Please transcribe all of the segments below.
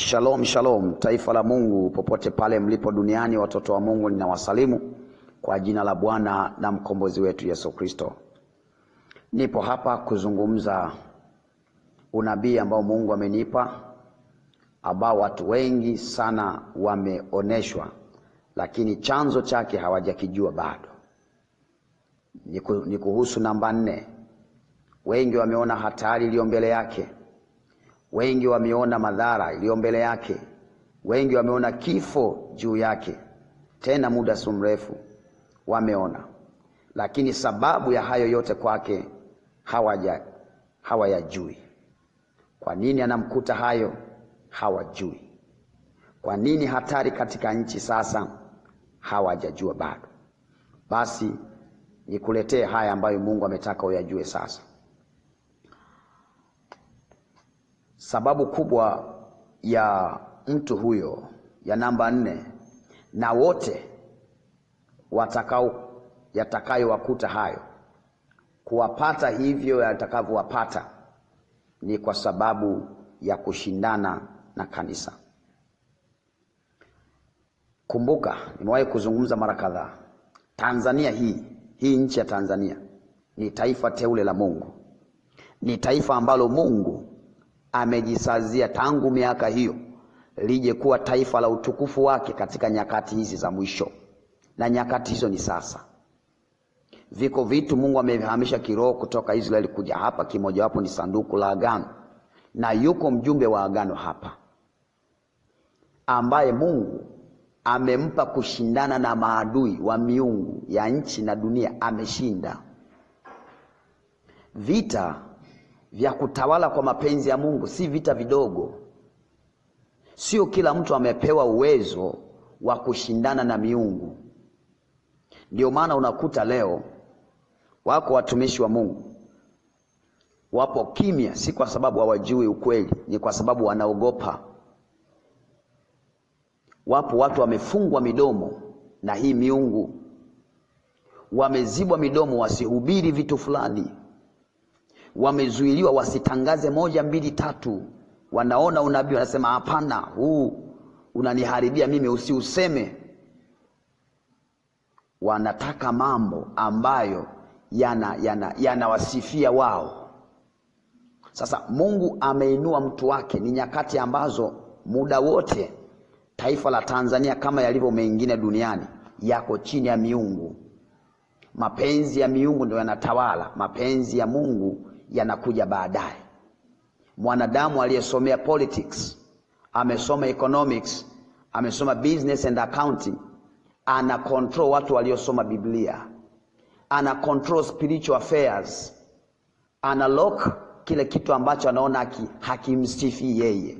Shalom, shalom taifa la Mungu popote pale mlipo duniani, watoto wa Mungu ninawasalimu kwa jina la Bwana na mkombozi wetu Yesu Kristo. Nipo hapa kuzungumza unabii ambao Mungu amenipa, ambao watu wengi sana wameoneshwa, lakini chanzo chake hawajakijua bado. Ni kuhusu namba nne. Wengi wameona hatari iliyo mbele yake Wengi wameona madhara iliyo mbele yake, wengi wameona kifo juu yake, tena muda si mrefu wameona, lakini sababu ya hayo yote kwake hawaja hawayajui. Kwa nini anamkuta hayo? Hawajui. Kwa nini hatari katika nchi sasa? Hawajajua bado. Basi nikuletee haya ambayo Mungu ametaka uyajue sasa. Sababu kubwa ya mtu huyo ya namba nne, na wote watakao yatakayowakuta hayo kuwapata hivyo yatakavyowapata ni kwa sababu ya kushindana na kanisa. Kumbuka, nimewahi kuzungumza mara kadhaa, Tanzania hii hii nchi ya Tanzania ni taifa teule la Mungu, ni taifa ambalo Mungu amejisazia tangu miaka hiyo lije kuwa taifa la utukufu wake katika nyakati hizi za mwisho, na nyakati hizo ni sasa. Viko vitu Mungu amevihamisha kiroho kutoka Israeli kuja hapa, kimojawapo ni sanduku la agano, na yuko mjumbe wa agano hapa ambaye Mungu amempa kushindana na maadui wa miungu ya nchi na dunia. Ameshinda vita vya kutawala kwa mapenzi ya Mungu si vita vidogo. Sio kila mtu amepewa uwezo wa kushindana na miungu. Ndio maana unakuta leo wako watumishi wa Mungu wapo kimya, si kwa sababu hawajui ukweli, ni kwa sababu wanaogopa. Wapo watu wamefungwa midomo na hii miungu, wamezibwa midomo wasihubiri vitu fulani wamezuiliwa wasitangaze moja mbili tatu, wanaona unabii, wanasema hapana, huu unaniharibia mimi, usiuseme. Wanataka mambo ambayo yanawasifia yana, yana wao. Sasa Mungu ameinua mtu wake, ni nyakati ambazo muda wote taifa la Tanzania kama yalivyo mengine duniani yako chini ya miungu. Mapenzi ya miungu ndio yanatawala, mapenzi ya Mungu yanakuja baadaye. Mwanadamu aliyesomea politics, amesoma economics, amesoma business and accounting, ana control watu waliosoma Biblia, ana control spiritual affairs, ana lock kile kitu ambacho anaona hakimsifi yeye.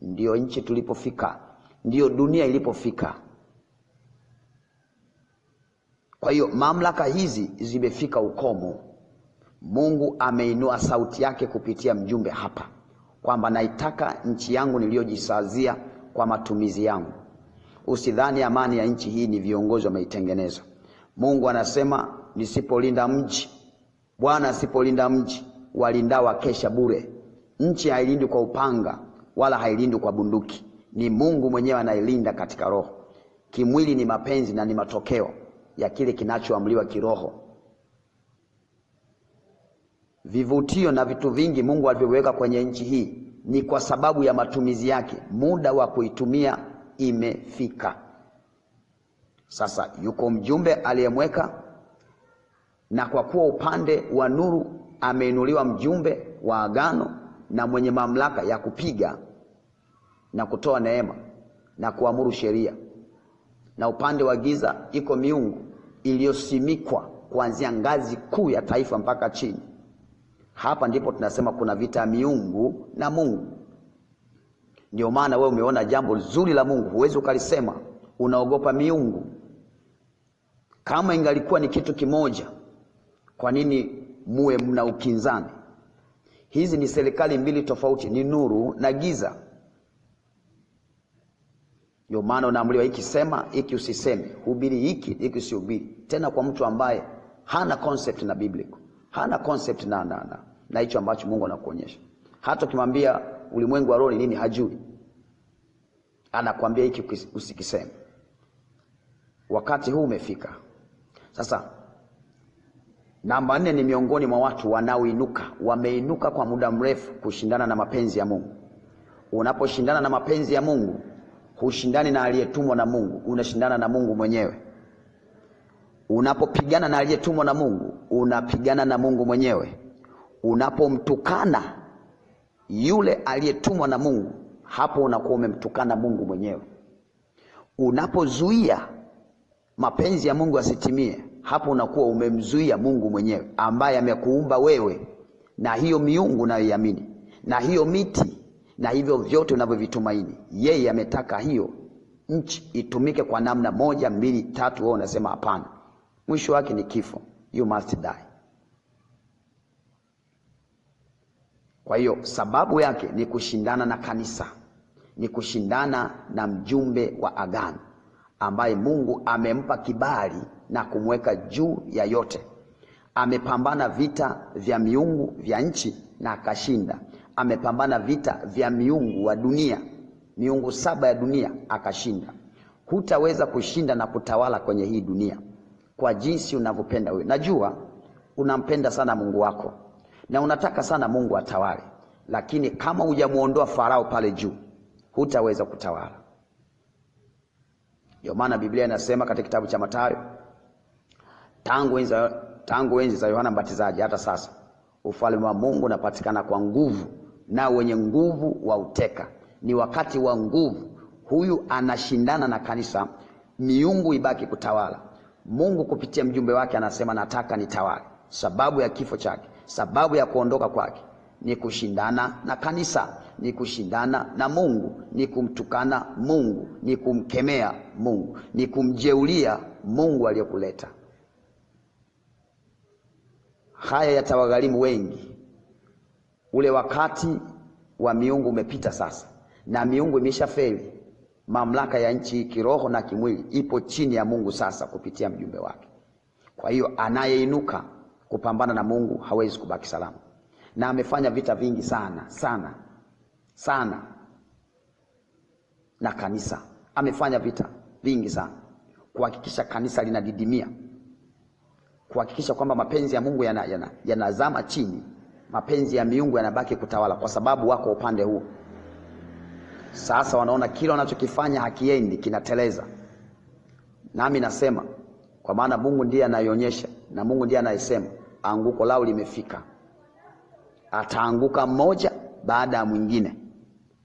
Ndiyo nchi tulipofika, ndiyo dunia ilipofika. Kwa hiyo mamlaka hizi zimefika ukomo. Mungu ameinua sauti yake kupitia mjumbe hapa kwamba naitaka nchi yangu niliyojisazia kwa matumizi yangu. Usidhani amani ya nchi hii ni viongozi wameitengeneza. Mungu anasema nisipolinda mji, Bwana asipolinda mji, walindao wakesha bure. Nchi hailindwi kwa upanga wala hailindwi kwa bunduki, ni Mungu mwenyewe anailinda katika roho. Kimwili ni mapenzi na ni matokeo ya kile kinachoamliwa kiroho. Vivutio na vitu vingi Mungu alivyoweka kwenye nchi hii ni kwa sababu ya matumizi yake. Muda wa kuitumia imefika. Sasa yuko mjumbe aliyemweka, na kwa kuwa upande wa nuru ameinuliwa mjumbe wa agano na mwenye mamlaka ya kupiga na kutoa neema na kuamuru sheria, na upande wa giza iko miungu iliyosimikwa kuanzia ngazi kuu ya taifa mpaka chini. Hapa ndipo tunasema kuna vita ya miungu na Mungu. Ndio maana wewe umeona jambo zuri la Mungu huwezi ukalisema, unaogopa miungu. Kama ingalikuwa ni kitu kimoja, kwa nini muwe mna ukinzani? Hizi ni serikali mbili tofauti, ni nuru na giza. Ndio maana unaamriwa hiki sema, hiki usiseme, hubiri hiki, hiki usihubiri. Tena kwa mtu ambaye hana concept na biblical hana concept na, na, na na hicho ambacho Mungu anakuonyesha. Hata ukimwambia ulimwengu wa roho ni nini, hajui. Anakuambia hiki usikiseme, wakati huu umefika. Sasa namba nne ni miongoni mwa watu wanaoinuka, wameinuka kwa muda mrefu kushindana na mapenzi ya Mungu. Unaposhindana na mapenzi ya Mungu, hushindani na aliyetumwa na Mungu, unashindana na Mungu mwenyewe. Unapopigana na aliyetumwa na Mungu, unapigana na Mungu mwenyewe. Unapomtukana yule aliyetumwa na Mungu, hapo unakuwa umemtukana Mungu mwenyewe. Unapozuia mapenzi ya Mungu asitimie, hapo unakuwa umemzuia Mungu mwenyewe ambaye amekuumba wewe na hiyo miungu unayoiamini na hiyo miti na hivyo vyote unavyovitumaini. Yeye ametaka hiyo nchi itumike kwa namna moja, mbili, tatu, wewe unasema hapana. Mwisho wake ni kifo. You must die. Kwa hiyo sababu yake ni kushindana na kanisa, ni kushindana na mjumbe wa agano ambaye Mungu amempa kibali na kumweka juu ya yote. Amepambana vita vya miungu vya nchi na akashinda. Amepambana vita vya miungu wa dunia, miungu saba ya dunia akashinda. Hutaweza kushinda na kutawala kwenye hii dunia kwa jinsi unavyopenda wewe. Najua unampenda sana Mungu wako na unataka sana Mungu atawale, lakini kama hujamuondoa Farao pale juu hutaweza kutawala. Ndio maana Biblia inasema katika kitabu cha Mathayo, tangu enzi tangu enzi za Yohana Mbatizaji hata sasa ufalme wa Mungu unapatikana kwa nguvu, na wenye nguvu wa uteka. Ni wakati wa nguvu, huyu anashindana na kanisa, miungu ibaki kutawala. Mungu kupitia mjumbe wake anasema nataka nitawale, sababu ya kifo chake Sababu ya kuondoka kwake ni kushindana na kanisa, ni kushindana na Mungu, ni kumtukana Mungu, ni kumkemea Mungu, ni kumjeulia Mungu aliyokuleta. Haya yatawagharimu wengi. Ule wakati wa miungu umepita sasa, na miungu imesha feli. Mamlaka ya nchi kiroho na kimwili ipo chini ya Mungu sasa kupitia mjumbe wake. Kwa hiyo anayeinuka kupambana na Mungu hawezi kubaki salama, na amefanya vita vingi sana sana sana na kanisa. Amefanya vita vingi sana kuhakikisha kanisa linadidimia, kuhakikisha kwamba mapenzi ya Mungu yanazama yana, yana chini, mapenzi ya miungu yanabaki kutawala, kwa sababu wako upande huu. Sasa wanaona kila wanachokifanya hakiendi, kinateleza. Nami nasema kwa maana Mungu ndiye anayeonyesha na Mungu ndiye anayesema anguko lao limefika. Ataanguka mmoja baada ya mwingine,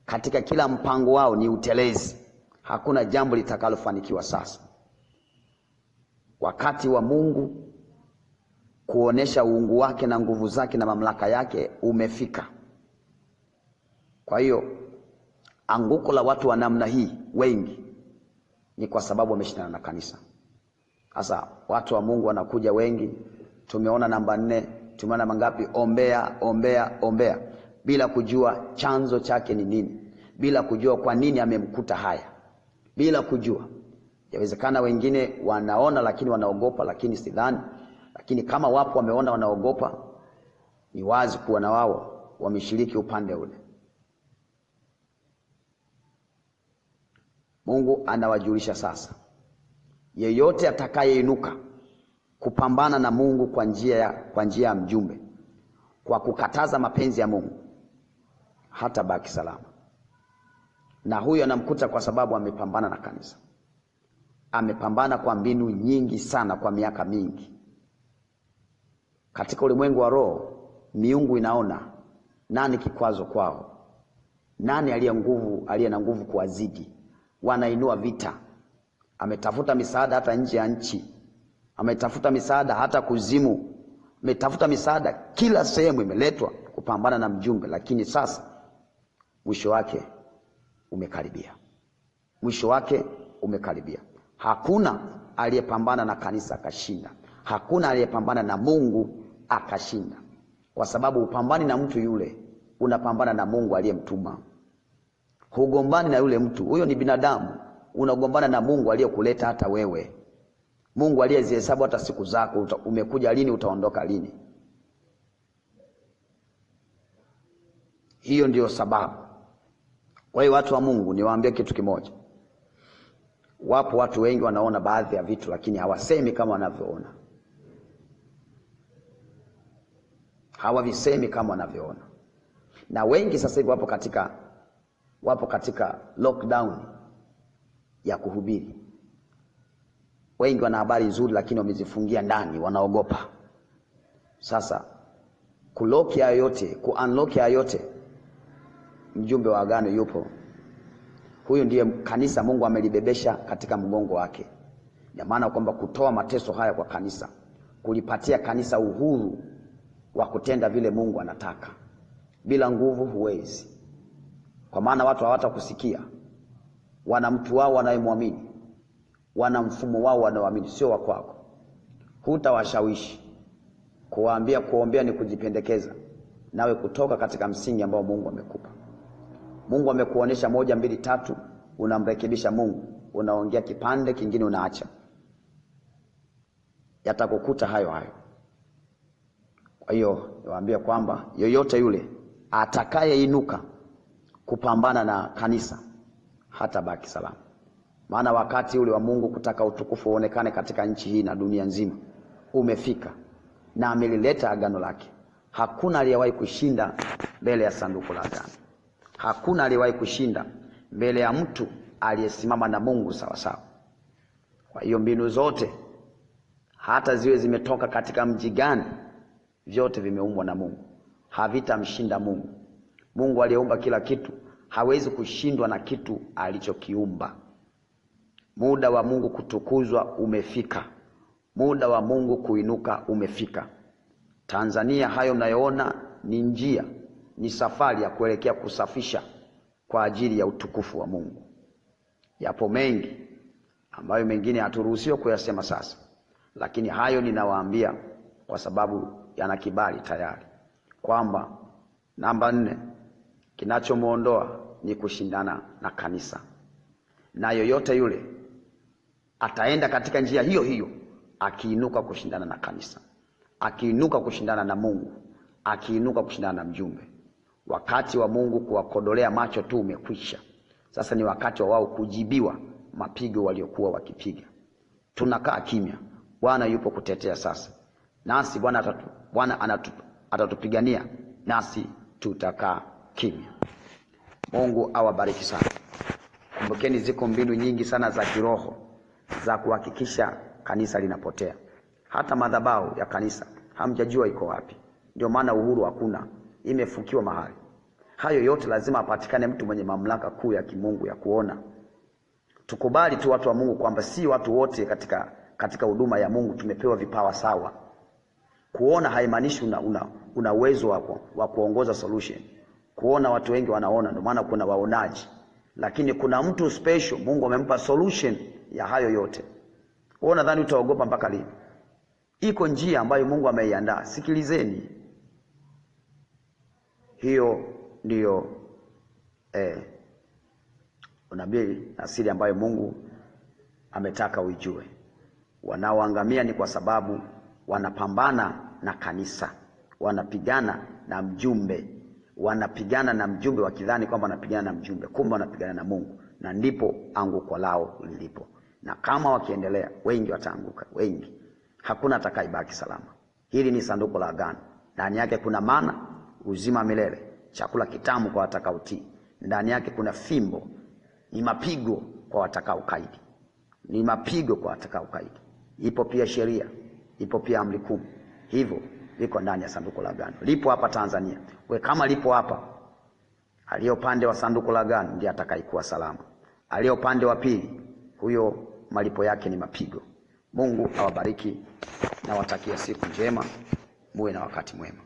katika kila mpango wao ni utelezi. Hakuna jambo litakalofanikiwa. Sasa wakati wa Mungu kuonesha uungu wake na nguvu zake na mamlaka yake umefika. Kwa hiyo anguko la watu wa namna hii wengi ni kwa sababu wameshindana na kanisa. Sasa watu wa Mungu wanakuja wengi tumeona namba nne, tumeona mangapi? Ombea, ombea, ombea bila kujua chanzo chake ni nini, bila kujua kwa nini amemkuta haya, bila kujua. Yawezekana wengine wanaona lakini wanaogopa, lakini sidhani. Lakini kama wapo wameona wanaogopa, ni wazi kuwa na wao wameshiriki upande ule. Mungu anawajulisha sasa, yeyote atakayeinuka kupambana na Mungu kwa njia ya kwa njia ya mjumbe, kwa kukataza mapenzi ya Mungu hata baki salama. Na huyo anamkuta kwa sababu amepambana na kanisa, amepambana kwa mbinu nyingi sana kwa miaka mingi. Katika ulimwengu wa roho, miungu inaona nani kikwazo kwao, nani aliye nguvu, aliye na nguvu kuwazidi, wanainua vita. Ametafuta misaada hata nje ya nchi ametafuta misaada hata kuzimu, ametafuta misaada kila sehemu, imeletwa kupambana na mjumbe, lakini sasa mwisho wake umekaribia, mwisho wake umekaribia. Hakuna aliyepambana na kanisa akashinda, hakuna aliyepambana na Mungu akashinda, kwa sababu upambani na mtu yule, unapambana na Mungu aliyemtuma. Hugombani na yule mtu, huyo ni binadamu. Unagombana na Mungu aliyekuleta hata wewe. Mungu aliyezihesabu hata siku zako, umekuja lini, utaondoka lini. Hiyo ndiyo sababu. Kwa hiyo watu wa Mungu, niwaambie kitu kimoja. Wapo watu wengi wanaona baadhi ya vitu, lakini hawasemi kama wanavyoona, hawavisemi kama wanavyoona. Na wengi sasa hivi wapo katika, wapo katika lockdown ya kuhubiri Wengi wana habari nzuri, lakini wamezifungia ndani, wanaogopa. Sasa kulock hayo yote, kuunlock hayo yote, mjumbe wa agano yupo. Huyu ndiye kanisa Mungu amelibebesha katika mgongo wake. Ndio maana kwamba kutoa mateso haya kwa kanisa, kulipatia kanisa uhuru wa kutenda vile Mungu anataka. Bila nguvu huwezi, kwa maana watu hawatakusikia, wana mtu wao wanayemwamini wana mfumo wao wanaoamini, sio wa kwako. Hutawashawishi kuwaambia kuombea ni kujipendekeza, nawe kutoka katika msingi ambao Mungu amekupa. Mungu amekuonesha moja, mbili, tatu, unamrekebisha Mungu, unaongea kipande kingine, unaacha. Yatakukuta hayo hayo. Kwa hiyo niwaambia kwamba yoyote yule atakayeinuka kupambana na kanisa baki salama maana wakati ule wa Mungu kutaka utukufu uonekane katika nchi hii na dunia nzima umefika, na amelileta agano lake. Hakuna aliyewahi kushinda mbele ya sanduku la agano, hakuna aliyewahi kushinda mbele ya mtu aliyesimama na Mungu sawa. Kwa hiyo mbinu zote, hata ziwe zimetoka katika mji gani, vyote vimeumbwa na Mungu, havitamshinda Mungu. Mungu aliyeumba kila kitu hawezi kushindwa na kitu alichokiumba. Muda wa Mungu kutukuzwa umefika, muda wa Mungu kuinuka umefika. Tanzania, hayo mnayoona ni njia, ni safari ya kuelekea kusafisha kwa ajili ya utukufu wa Mungu. Yapo mengi ambayo mengine haturuhusiwa kuyasema sasa, lakini hayo ninawaambia kwa sababu yana kibali tayari, kwamba namba nne, kinachomwondoa ni kushindana na kanisa na yoyote yule ataenda katika njia hiyo hiyo, akiinuka kushindana na kanisa, akiinuka kushindana na Mungu, akiinuka kushindana na mjumbe. Wakati wa Mungu kuwakodolea macho tu umekwisha. Sasa ni wakati wa wao kujibiwa mapigo waliokuwa wakipiga. Tunakaa kimya, Bwana yupo kutetea sasa, nasi Bwana atatu, Bwana anatu, atatupigania nasi tutakaa kimya. Mungu awabariki sana. Kumbukeni, ziko mbinu nyingi sana za kiroho za kuhakikisha kanisa linapotea. Hata madhabahu ya kanisa hamjajua iko wapi, ndio maana uhuru hakuna, imefukiwa mahali. Hayo yote lazima apatikane mtu mwenye mamlaka kuu ya kimungu ya kuona. Tukubali tu watu wa Mungu kwamba si watu wote katika katika huduma ya Mungu tumepewa vipawa sawa. Kuona haimaanishi una, una, una uwezo wa kuongoza solution. Kuona watu wengi wanaona, ndio maana kuna waonaji, lakini kuna mtu special Mungu amempa solution ya hayo yote. Wewe nadhani utaogopa mpaka lini? Iko njia ambayo Mungu ameiandaa, sikilizeni. Hiyo ndiyo eh, unabii na siri ambayo Mungu ametaka uijue. Wanaoangamia ni kwa sababu wanapambana na kanisa, wanapigana na mjumbe, wanapigana na mjumbe wakidhani kwamba wanapigana na mjumbe, kumbe wanapigana na Mungu, na ndipo anguko lao lilipo na kama wakiendelea, wengi wataanguka, wengi, hakuna atakayebaki salama. Hili ni sanduku la agano, ndani yake kuna mana, uzima milele, chakula kitamu kwa watakaotii. Ndani yake kuna fimbo, ni mapigo kwa watakaokaidi, ni mapigo kwa watakaokaidi. Ipo pia sheria, ipo pia amri kumi, hivyo liko ndani ya sanduku la agano, lipo hapa Tanzania. We kama lipo hapa, aliyo upande wa sanduku la agano ndiye atakayekuwa salama, aliyo upande wa pili huyo malipo yake ni mapigo. Mungu awabariki na watakia siku njema, muwe na wakati mwema.